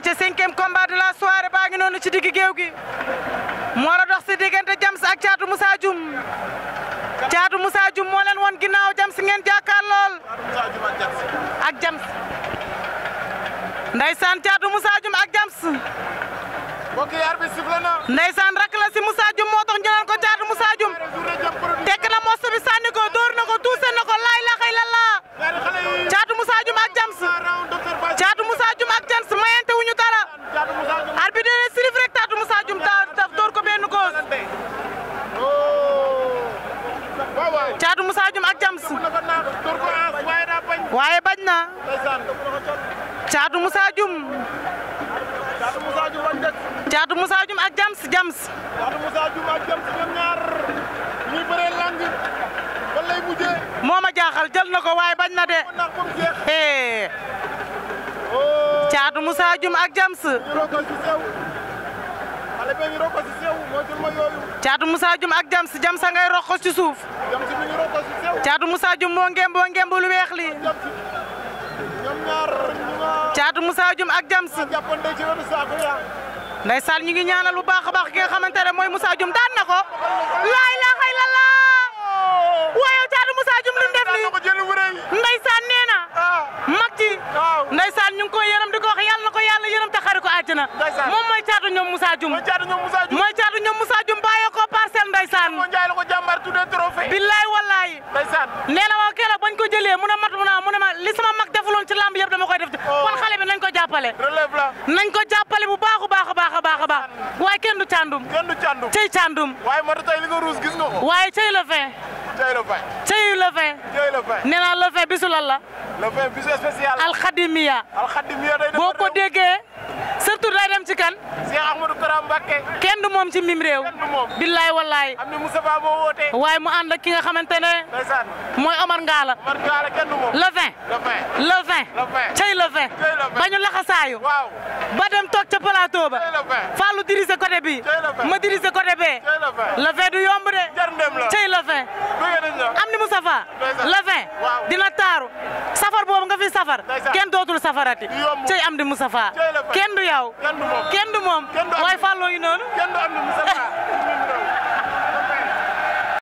ayca cinquième combat de la soirée ba ngi nonu ci digg géew gi mo la dox ci digënté Jams ak Caatu Moussa djum Caatu Moussa djum mo len won ginnaaw Jams ngeen jakkal lol ak Jams ndaysan Caatu Moussa djum ak Jams mbokk yi arbitre bi sifflé na ndeysaan rak la ci Moussa djum moo tax caatu musa jum ak Jams waaye bañ na caatu Moussa Dioum caatu musa jum ak Jams Jams mujjé moma jaaxal jël nako waye waaye bañ na de eh caatu ak Jams caatu musa jum ak Jams Jams ngay roqos ci suuf caatu Moussa Dioum moo ngemb moo ngemb lu weex li caatu Moussa Dioum ak Jams ndeysaan ñu ngi ñaanal bu baax a baax ki nga xamante mooy Moussa Dioum daan na ko laa ilaaha illallah caatu Moussa Dioum li mu def li ndeysaan nee na mag ci ndeysaan ñu di ko wax yàlla na ko yàlla yërëm te xari ko àjjana moom mooy caatu ñoom Moussa Dioum mooy caatu ñoom Moussa Dioum bàyyee ko parcelle ndeysaan billaay ndeysaan nee keela bañ ko jëlee mu ne mat mu ne ma li sama mag defuloon ci lamb yëpp dama koy def oh. kon xale nañ ko jàppale relève la nañ ko jàppale bu baax a baax a baax a baax a baax waaye kenn du càndum kenn du càndum cey càndum waaye moo tax tey li nga ruus gis nga ko waaye cey la fin cey la fin cey la la fin la bisu lan la la fin bisu spécial alxadimiya alxadimiya day def boo ko déggee lay dem ci kan. Cheikh Ahmadou Kara Mbacké. kenn du moom ci mim réew. kenn du moom billaay wallaay. am na Moustapha moo woote. mu ànd ak ki nga xamante ne. Omar Ngala. Omar Ngala kenn du moom. le 20. le le cey le ba dem plateau ba. côté bi. ma côté le du yomb de. jar la cey le 20. le dina safa. moom nga fi safar kenn dootul safarati cey am di Moustapha kenn du yow kenn du moom waaye fàlloo ngi noonu